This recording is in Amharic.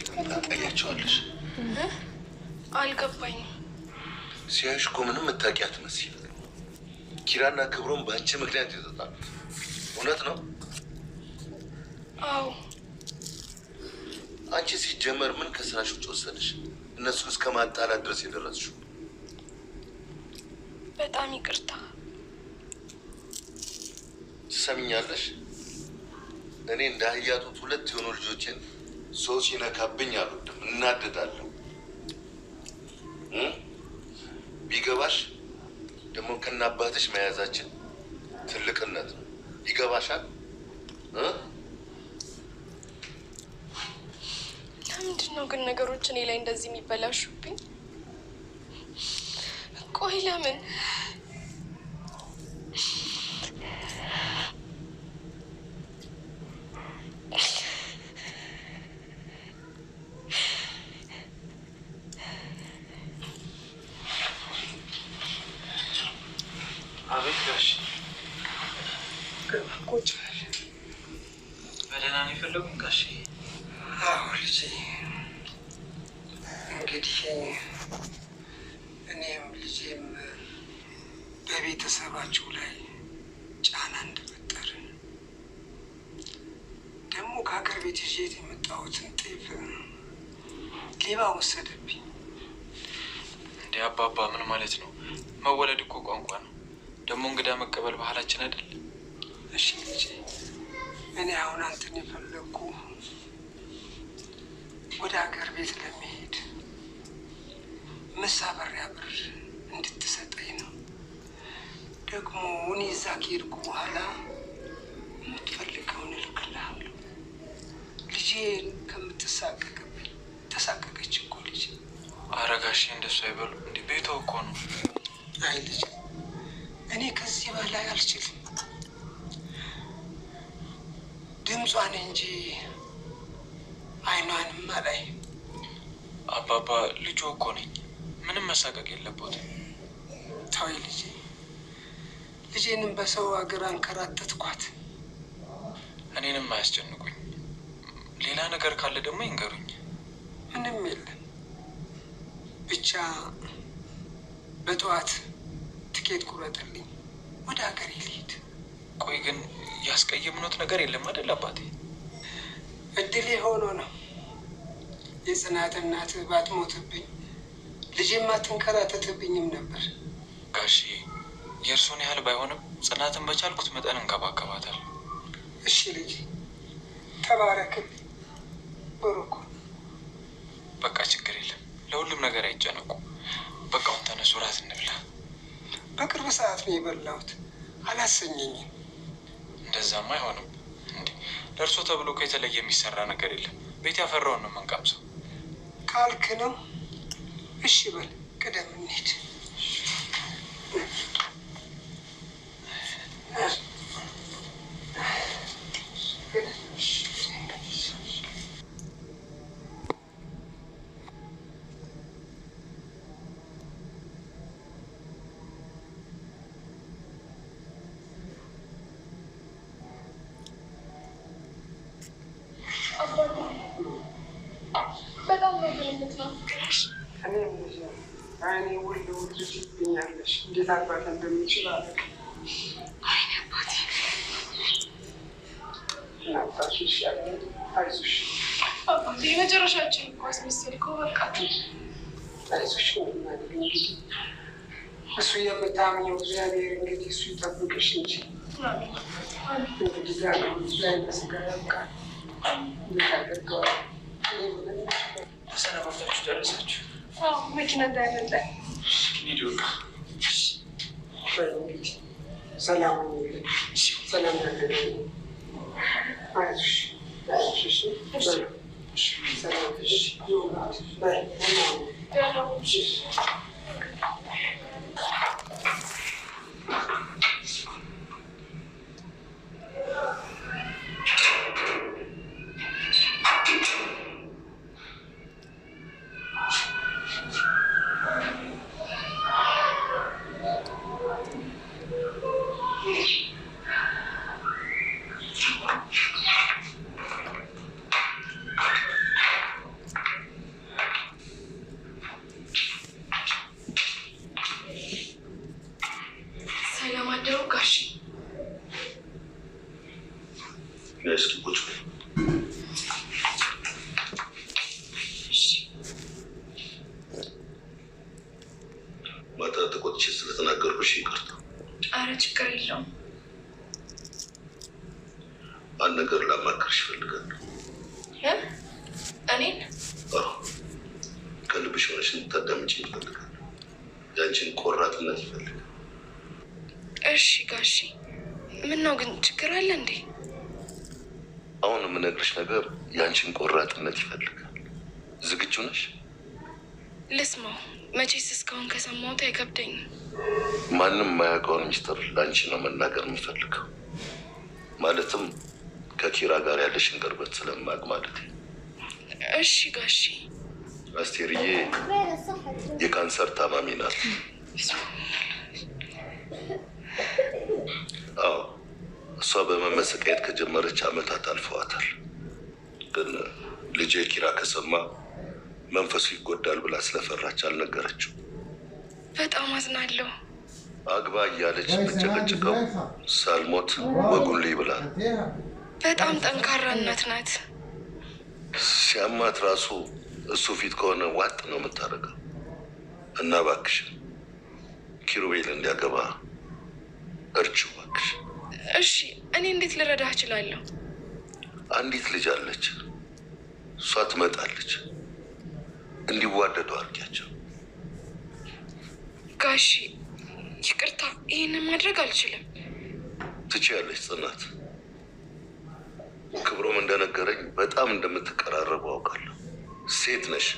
ልጅ ለምን ታጠያቸዋለሽ? አልገባኝም። ሲያዩሽ እኮ ምንም የምታውቂያት አትመስይም። ኪራና ክብሮም በአንቺ ምክንያት የተጣሉት እውነት ነው? አዎ። አንቺ ሲጀመር ምን ከስራሽ ውጭ ወሰደሽ? እነሱ እስከ ማጣላት ድረስ የደረስሽው? በጣም ይቅርታ። ትሰሚኛለሽ? እኔ እንደ አህያ ሁለት የሆኑ ልጆችን ሰው ሲነካብኝ አልወድም፣ እናደዳለሁ። ቢገባሽ ደግሞ ከና ከናባትሽ መያዛችን ትልቅነት ነው። ይገባሻል። ለምንድን ነው ግን ነገሮች እኔ ላይ እንደዚህ የሚበላሹብኝ? ቆይ ለምን ይቆጭሃል። በደህና ነው የፈለጉን ጋሼ? አዎ ልጄ፣ እንግዲህ እኔም ልጄም በቤተሰባችሁ ላይ ጫና እንድፈጠር ደግሞ ከሀገር ቤት ይዤት የመጣሁትን ጤፍ ሌባ ወሰደብኝ። እንደ አባባ ምን ማለት ነው? መወለድ እኮ ቋንቋ ነው። ደግሞ እንግዳ መቀበል ባህላችን አይደለም እሺ ልጄ፣ እኔ አሁን አንተን የፈለግኩ ወደ ሀገር ቤት ለመሄድ መሳበሪያ ብር እንድትሰጠኝ ነው። ደግሞ እኔ እዛ ከሄድኩ በኋላ የምትፈልገውን እልክልሃለሁ። ልጄ ከምትሳቀቅብኝ ተሳቀቀች እኮ እንደሱ አይበሉ እንዲህ ቤቷ እኮ ነው። አይ እኔ ከዚህ በላይ አልችልም። ድምጿን እንጂ አይኗን አላይ። አባባ ልጁ እኮ ነኝ። ምንም መሳቀቅ የለቦትም። ተወይ ልጄ፣ ልጄንም በሰው ሀገር አንከራተትኳት። እኔንም አያስጨንቁኝ። ሌላ ነገር ካለ ደግሞ ይንገሩኝ። ምንም የለም። ብቻ በጠዋት ትኬት ቁረጥልኝ። ያስቀየምኖት ነገር የለም አይደል አባቴ? እድል የሆኖ ነው የጽናት እናት ባትሞትብኝ ልጅም አትንከራተትብኝም ነበር። ጋሺ የእርሱን ያህል ባይሆንም ጽናትን በቻልኩት መጠን እንከባከባታል። እሺ ልጅ ተባረክልኝ። ብሩኩ። በቃ ችግር የለም ለሁሉም ነገር አይጨነቁ። በቃውን ተነሱ፣ ራት እንብላ። በቅርብ ሰዓት ነው የበላሁት አላሰኘኝም። እንደዛማ አይሆንም እንዴ! ለእርሶ ተብሎ እኮ የተለየ የሚሰራ ነገር የለም። ቤት ያፈራውን ነው የምንቀምሰው ካልክ ነው። እሺ በል ቅደም እንሂድ። የመጨረሻችን እኮ አስመሰልከው። በቃ አይዞሽ እሱ የምታምኘው እግዚአብሔር እንግዲህ እሱ ይጠብቅሽ እንጂ እንግዲህ ዛሬ ስጋ ያብቃል። እንዴት አድርገዋል Sen hafta üç tane seç. Ah, makine derdinde. Ne diyor? Şöyle git. Şey. Selamun aleyküm. Selamun aleyküm. Hayır. Hayır. Hayır. Selamun aleyküm. Hayır. Hayır. Hayır. እስኪ ቁጭ ማታ ተቆጥቼ ስለተናገርኩሽ ይቅርታ። አረ ችግር የለውም። አንድ ነገር ላማክርሽ እፈልጋለሁ። እኔን ከልብሽ ሆነሽ እንድታዳምጪ ይፈልጋለሁ። ያንቺን ቆራጥነት ይፈልጋል። እሺ ጋሺ፣ ምን ነው ግን ችግር አለ እንዴ? አሁን የምነግርሽ ነገር ያንቺን ቆራጥነት ይፈልጋል። ዝግጁ ነሽ? ልስማው። መቼስ እስካሁን ከሰማሁት አይከብደኝም። ማንም ማያውቀውን ሚስጥር ለአንቺ ነው መናገር የሚፈልገው። ማለትም ከኪራ ጋር ያለሽን ቅርበት ስለማቅ ማለት። እሺ ጋሺ። አስቴርዬ የካንሰር ታማሚ ናት። እሷ በመመሰቃየት ከጀመረች አመታት አልፈዋታል። ግን ልጄ ኪራ ከሰማ መንፈሱ ይጎዳል ብላ ስለፈራች አልነገረችው። በጣም አዝናለሁ። አግባ እያለች ብጨቀጭቀው ሳልሞት ወጉሌ ብላ። በጣም ጠንካራ እናት ናት። ሲያማት ራሱ እሱ ፊት ከሆነ ዋጥ ነው የምታደርገው። እና እባክሽን ኪሩቤል እንዲያገባ እርጩ እባክሽን። እሺ፣ እኔ እንዴት ልረዳህ እችላለሁ? አንዲት ልጅ አለች፣ እሷ ትመጣለች። እንዲዋደዱ አድርጊያቸው። ጋሺ፣ ይቅርታ፣ ይህንን ማድረግ አልችልም። ያለች ጽናት። ክብሮም እንደነገረኝ በጣም እንደምትቀራረቡ አውቃለሁ። ሴት ነሽ